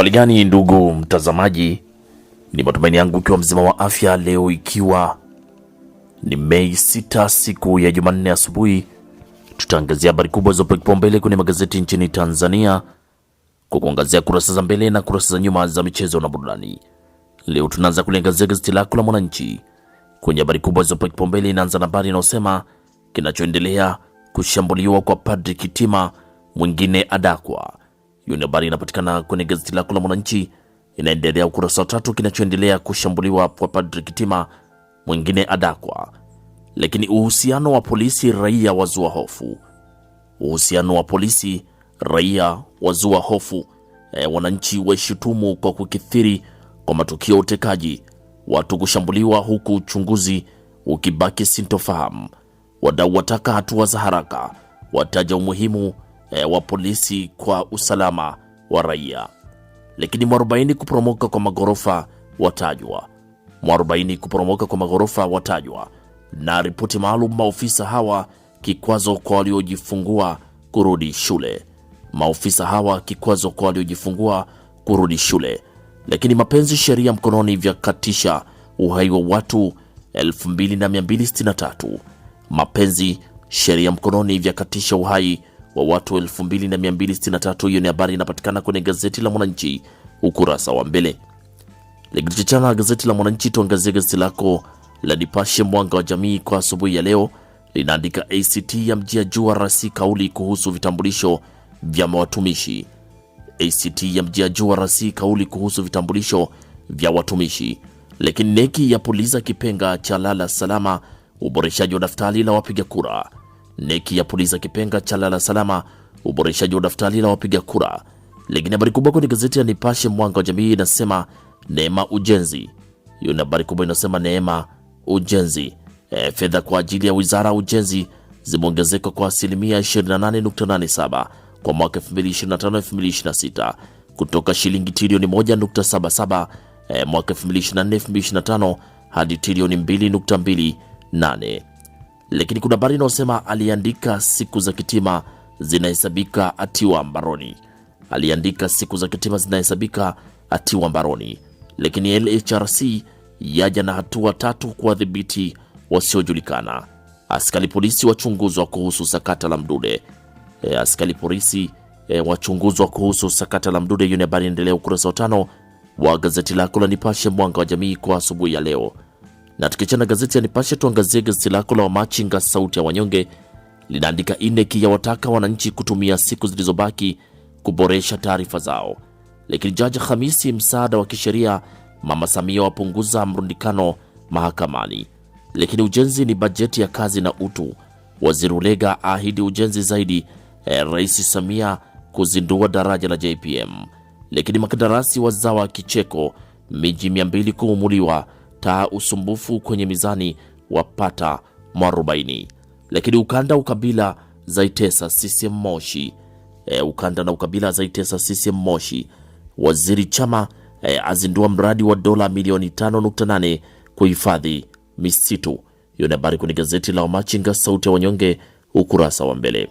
Hali gani ndugu mtazamaji, ni matumaini yangu ukiwa mzima wa afya leo, ikiwa ni Mei 6 siku ya Jumanne asubuhi, tutaangazia habari kubwa zilizopewa kipaumbele kwenye magazeti nchini Tanzania kwa kuangazia kurasa za mbele na kurasa za nyuma za michezo na burudani. Leo tunaanza kuliangazia gazeti lako la Mwananchi kwenye habari kubwa zilizopewa kipaumbele, inaanza na habari inayosema kinachoendelea kushambuliwa kwa Padri Kitima, mwingine adakwa hiyo ni habari inapatikana kwenye gazeti lako la Mwananchi, inaendelea ukurasa wa tatu. Kinachoendelea kushambuliwa kwa Patrick Kitima, mwingine adakwa, lakini uhusiano wa polisi raia wazua hofu. Uhusiano wa polisi raia wazua hofu. E, wananchi waishutumu kwa kukithiri kwa matukio ya utekaji, watu kushambuliwa, huku uchunguzi ukibaki sintofahamu. Wadau wataka hatua za haraka, wataja umuhimu eh, wa polisi kwa usalama wa raia. Lakini mwarobaini kuporomoka kwa magorofa watajwa, mwarobaini kuporomoka kwa magorofa watajwa na ripoti maalum. Maofisa hawa kikwazo kwa waliojifungua kurudi shule, maofisa hawa kikwazo kwa waliojifungua kurudi shule. Lakini mapenzi sheria mkononi vya katisha uhai wa watu 2263 mapenzi sheria mkononi vya katisha uhai wa watu 2263. Hiyo ni habari inapatikana kwenye gazeti la Mwananchi ukurasa wa mbele. Likichana gazeti la Mwananchi, tuangazie gazeti lako la Nipashe mwanga wa jamii kwa asubuhi ya leo linaandika ACT ya mjia jua rasi kauli kuhusu vitambulisho vya watumishi. ACT ya mjia jua rasi kauli kuhusu vitambulisho vya watumishi. Lakini neki ya puliza kipenga cha lala salama uboreshaji wa daftari la wapiga kura. Neki yapuliza kipenga cha lala salama, uboreshaji wa daftari la wapiga kura. Lakini habari kubwa kwenye gazeti ya Nipashe Mwanga wa Jamii inasema Neema Ujenzi. Hiyo ni habari kubwa, inasema Neema Ujenzi. E, fedha kwa ajili ya wizara ujenzi zimeongezeka kwa asilimia 28.87 kwa mwaka 2025-2026 kutoka shilingi trilioni 1.77 e, mwaka 2024-2025 hadi trilioni 2.28 lakini kuna habari inayosema aliandika siku za kitima zinahesabika atiwa mbaroni. Aliandika siku za kitima zinahesabika atiwa mbaroni. Lakini LHRC yaja na hatua tatu kuwadhibiti wasiojulikana. Askari polisi wachunguzwa kuhusu sakata la Mdude. E, askari polisi e, wachunguzwa kuhusu sakata la Mdude. Hiyo ni habari inaendelea ukurasa wa tano wa gazeti lako la Nipashe mwanga wa jamii kwa asubuhi ya leo. Na tukiacha na gazeti ya Nipashe, tuangazie gazeti lako la Wamachinga sauti ya wanyonge linaandika ineki ya wataka wananchi kutumia siku zilizobaki kuboresha taarifa zao, lakini Jaji Hamisi msaada wa kisheria, Mama Samia wapunguza mrundikano mahakamani, lakini ujenzi ni bajeti ya kazi na utu, Waziri Ulega ahidi ujenzi zaidi, eh, Rais Samia kuzindua daraja la JPM, lakini makandarasi wazawa kicheko, miji 200 kuumuliwa ta usumbufu kwenye mizani wapata mwarobaini. Lakini ukanda ukabila zaitesa CCM Moshi. E, ukanda na ukabila zaitesa CCM Moshi. Waziri Chama e, azindua mradi wa dola milioni 5.8 kuhifadhi misitu. Hiyo ni habari kwenye gazeti la Wamachinga sauti ya wanyonge ukurasa wa mbele.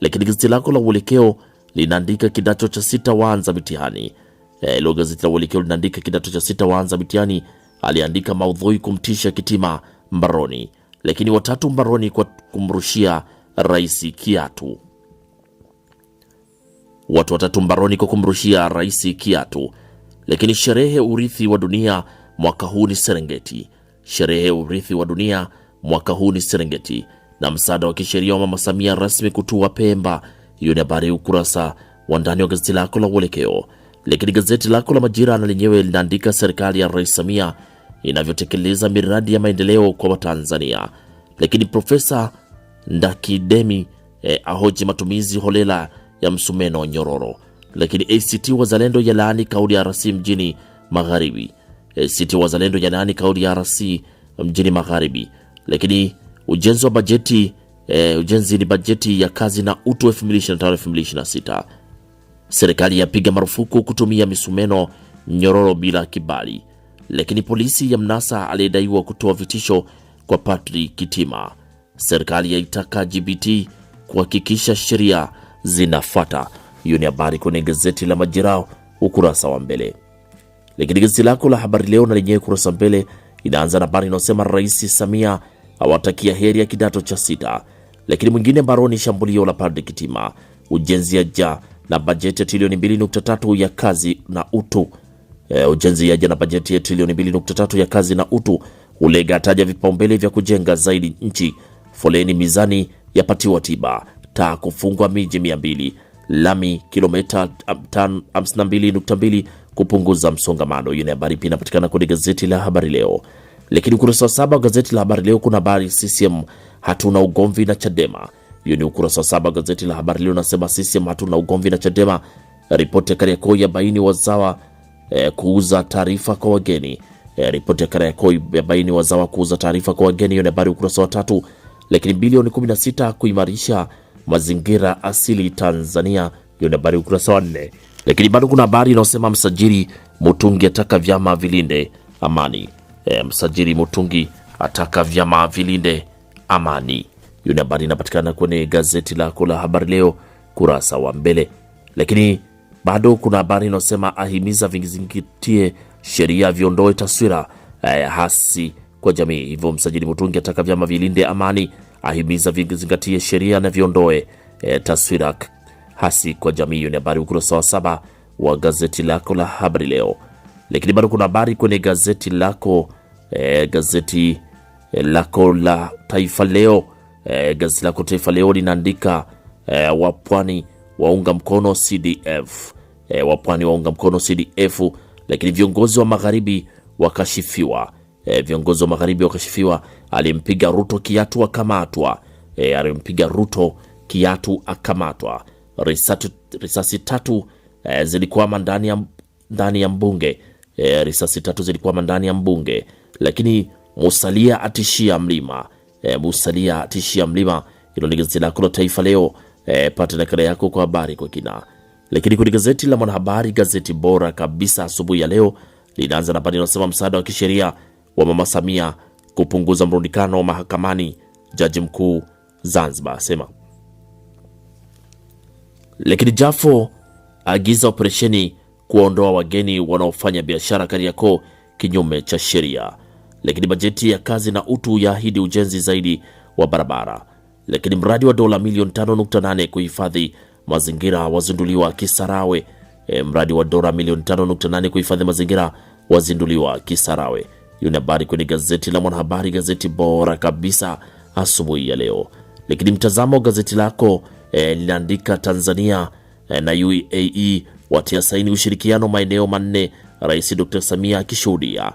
Lakini gazeti lako la Uelekeo linaandika kidato cha sita waanza mitihani. E, lo, gazeti la Uelekeo linaandika kidato cha sita waanza mitihani aliandika maudhui kumtisha Kitima mbaroni, lakini watatu mbaroni kwa kumrushia rais kiatu. Watu watatu mbaroni kwa kumrushia rais kiatu. Lakini sherehe urithi wa dunia mwaka huu ni Serengeti. Sherehe urithi wa dunia mwaka huu ni Serengeti, na msaada wa kisheria wa Mama Samia rasmi kutua Pemba. Hiyo ni habari ukurasa wa ndani wa gazeti lako la Uelekeo. Lakini gazeti lako la Majira na lenyewe linaandika serikali ya Rais Samia inavyotekeleza miradi ya maendeleo kwa Watanzania. Lakini Profesa Ndakidemi eh, ahoji matumizi holela ya msumeno nyororo. Lakini ACT Wazalendo yalaani kauli ya RC mjini Magharibi. ACT Wazalendo yalaani kauli ya RC mjini Magharibi. Lakini ujenzi wa bajeti eh, ujenzi ni bajeti ya kazi na utu 2025/2026 Serikali yapiga marufuku kutumia misumeno nyororo bila kibali, lakini polisi ya mnasa aliyedaiwa kutoa vitisho kwa Patri Kitima. Serikali yaitaka GBT kuhakikisha sheria zinafuata. Hiyo ni habari kwenye gazeti la Majira ukurasa wa mbele, lakini gazeti lako la Habari Leo na lenyewe ukurasa mbele inaanza na habari inayosema Rais Samia awatakia heri ya kidato cha sita, lakini mwingine baroni shambulio la Patri Kitima, ujenzi ya jaa na bajeti ya trilioni 2.3 ya kazi na utu. E, ujenzi yaja na bajeti ya trilioni 2.3 ya kazi na utu. Ulega ataja vipaumbele vya kujenga zaidi nchi. Foleni mizani yapatiwa tiba. Taa kufungwa miji 200. Lami kilomita 52.2 kupunguza msongamano. Hiyo ni habari pia inapatikana kwenye gazeti la Habari Leo. Lakini ukurasa wa saba wa gazeti la Habari Leo kuna habari CCM hatuna ugomvi na Chadema. Hiyo ni ukurasa wa saba gazeti la habari leo nasema sisi hatuna ugomvi na Chadema. Ripoti ya Kariakoo yabaini wazawa e, kuuza taarifa kwa wageni. E, ripoti ya Kariakoo yabaini wazawa kuuza taarifa kwa wageni. Hiyo ni habari ukurasa wa tatu. Lakini bilioni 16 kuimarisha mazingira asili Tanzania. Hiyo ni habari ukurasa wa nne. Lakini bado kuna habari inayosema msajili Mutungi ataka vyama vilinde amani. E, msajili Mutungi ataka vyama vilinde amani. Hiyo ni habari inapatikana kwenye gazeti lako la Habari Leo kurasa wa mbele, lakini bado kuna habari inayosema ahimiza vingizingatie sheria viondoe taswira eh, hasi kwa jamii. Hivyo msajili Mutungi ataka vyama vilinde amani, ahimiza vizingatie sheria na viondoe eh, taswira hasi kwa jamii. Hiyo ni habari ukurasa wa saba wa gazeti lako la Habari Leo, lakini bado kuna habari kwenye gazeti lako eh, gazeti eh, lako la Taifa Leo eh, gazeti lako Taifa Leo linaandika eh, wapwani waunga mkono CDF eh, wapwani waunga mkono CDF, lakini viongozi wa magharibi wakashifiwa e, viongozi wa magharibi wakashifiwa. Alimpiga Ruto kiatu akamatwa. E, alimpiga Ruto kiatu akamatwa. Risasi, risasi tatu e, eh, zilikuwa ndani ya, ndani ya mbunge e, risasi tatu zilikuwa ndani ya mbunge, lakini Musalia atishia mlima e, eh, Musalia tishia mlima. Hilo ni gazeti lako la Taifa Leo. E, pata nakala yako kwa habari kwa kina. Lakini kwenye gazeti la Mwanahabari, gazeti bora kabisa asubuhi ya leo, linaanza na habari inasema msaada wa kisheria wa mama Samia kupunguza mrundikano mahakamani, jaji mkuu Zanzibar asema. Lakini Jafo agiza operesheni kuwaondoa wageni wanaofanya biashara Kariakoo kinyume cha sheria lakini bajeti ya kazi na utu yaahidi ujenzi zaidi wa barabara, lakini mradi wa dola milioni 5.8 kuhifadhi mazingira wazinduliwa Kisarawe. E, mradi wa dola milioni 5.8 kuhifadhi mazingira wazinduliwa Kisarawe. Hiyo ni habari kwenye gazeti la Mwanahabari, gazeti bora kabisa asubuhi ya leo. Lakini mtazamo gazeti lako e, linaandika Tanzania e, na UAE watia saini ushirikiano maeneo manne, Rais Dr. Samia akishuhudia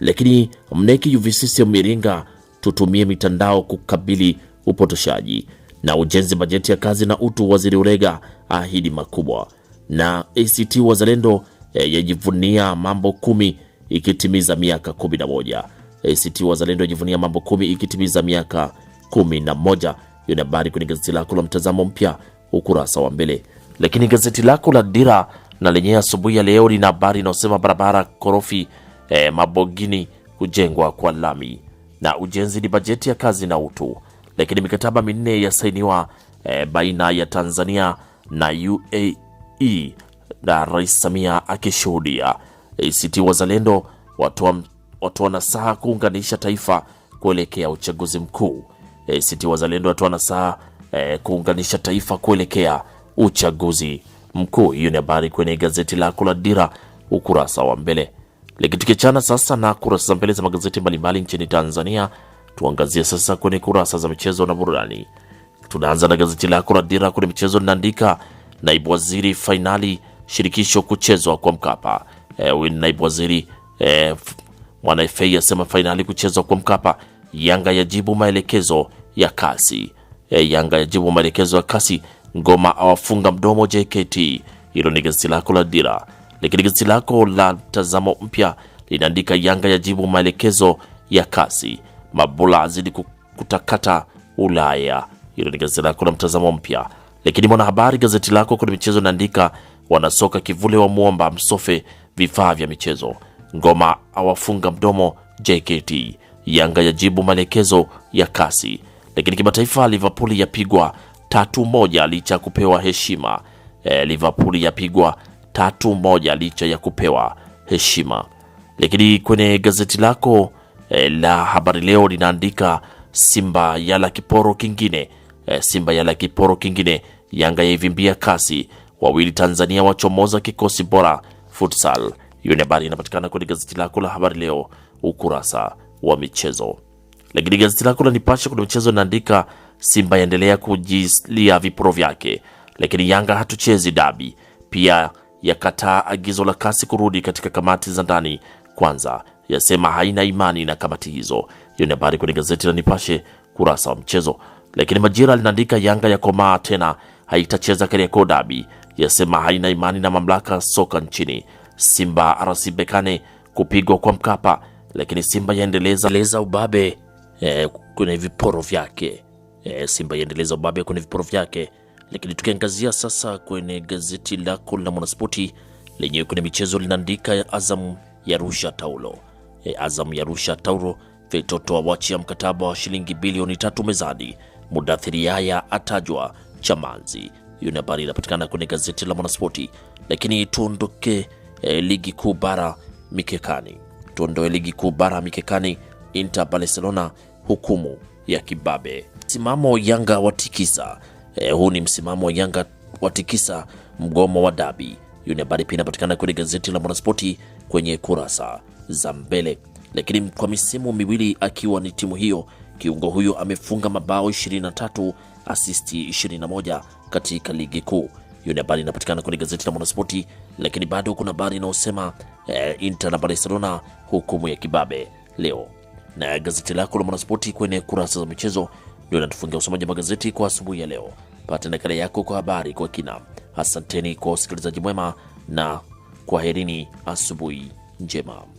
lakini mneki UVCCM Iringa, tutumie mitandao kukabili upotoshaji na ujenzi. Bajeti ya kazi na utu, waziri Urega ahidi makubwa. Na ACT Wazalendo e, yajivunia mambo kumi ikitimiza miaka moja. ACT Wazalendo yajivunia mambo kumi ikitimiza miaka 11. Hiyo ni habari kwenye gazeti lako la Mtazamo Mpya ukurasa wa mbele, lakini gazeti lako la Dira na lenyewe asubuhi ya leo lina habari inayosema barabara korofi e, mabogini kujengwa kwa lami na ujenzi ni bajeti ya kazi na utu. Lakini mikataba minne yasainiwa e, eh, baina ya Tanzania na UAE na Rais Samia akishuhudia. ACT Wazalendo watoa wa nasaha kuunganisha taifa kuelekea uchaguzi mkuu. ACT Wazalendo watoa nasaha e, eh, kuunganisha taifa kuelekea uchaguzi mkuu. Hiyo ni habari kwenye gazeti lako la Dira ukurasa wa mbele. Likitukechana sasa na kurasa za mbele za magazeti mbalimbali nchini Tanzania, tuangazie sasa kwenye kurasa za michezo na burudani. Tunaanza na gazeti lako la Dira kwenye michezo linaandika naibu waziri, fainali shirikisho kuchezwa kwa Mkapa. E, naibu waziri e, Mwana FA asema fainali kuchezwa kwa Mkapa. Yanga yajibu maelekezo ya kasi e, Yanga yajibu maelekezo ya kasi. Ngoma awafunga mdomo JKT. Hilo ni gazeti lako la Dira. Lakini gazeti lako la Mtazamo Mpya linaandika Yanga yajibu maelekezo ya kasi, Mabula azidi kutakata Ulaya. Hilo ni gazeti lako la Mtazamo Mpya. Lakini Mwanahabari, gazeti lako kwenye michezo, inaandika wanasoka kivule wa mwomba msofe vifaa vya michezo, Ngoma awafunga mdomo JKT, Yanga yajibu maelekezo ya kasi. Lakini kimataifa, Liverpool yapigwa tatu moja licha kupewa heshima. E, Liverpool yapigwa tatu moja licha ya kupewa heshima. Lakini kwenye gazeti lako e, la Habari Leo linaandika Simba yala kiporo kingine e, Simba yala kiporo kingine, Yanga yaivimbia kasi, wawili Tanzania wachomoza kikosi bora futsal. Hiyo ni habari inapatikana kwenye gazeti lako la Habari Leo ukurasa wa michezo. Lakini gazeti lako la Nipashe kuna michezo linaandika Simba yaendelea kujilia viporo vyake, lakini Yanga hatuchezi dabi pia yakataa agizo la kasi kurudi katika kamati za ndani kwanza, yasema haina imani na kamati hizo. Hiyo ni habari kwenye gazeti la Nipashe kurasa wa mchezo. Lakini Majira linaandika Yanga ya komaa tena, haitacheza Kariakoo dabi, yasema haina imani na mamlaka soka nchini. Simba RS kupigwa kwa Mkapa, lakini Simba yaendeleza ubabe eh, kwenye viporo vyake eh, Simba yaendeleza ubabe kwenye viporo vyake. Lakini tukiangazia sasa kwenye gazeti lako la Mwanaspoti lenyewe kwenye michezo linaandika ya Azam ya rusha taulo ya Azam ya rusha taulo Feitoto awachia mkataba wa shilingi bilioni tatu mezani, mudathiri Yaya atajwa Chamanzi. Hiyo ni habari inapatikana kwenye gazeti la Mwanaspoti. Lakini tuondoke eh, ligi kuu bara mikekani, tuondoe ligi kuu bara mikekani. Inter Barcelona hukumu ya kibabe, simamo Yanga watikisa E, huu ni msimamo wa Yanga watikisa mgomo wa dabi. Hiyo ni habari pia inapatikana kwenye gazeti la Mwanaspoti kwenye kurasa za mbele. Lakini kwa misimu miwili akiwa ni timu hiyo, kiungo huyo amefunga mabao 23, asisti 21 katika ligi kuu. Hiyo ni habari inapatikana kwenye gazeti la Mwanaspoti. Lakini bado kuna habari inayosema e, Inter na Barcelona hukumu ya kibabe leo, na gazeti lako la Mwanaspoti kwenye kurasa za michezo ndio inatufungia usomaji wa magazeti kwa asubuhi ya leo. Pata nakala yako kwa habari kwa kina. Asanteni kwa usikilizaji mwema na kwaherini, asubuhi njema.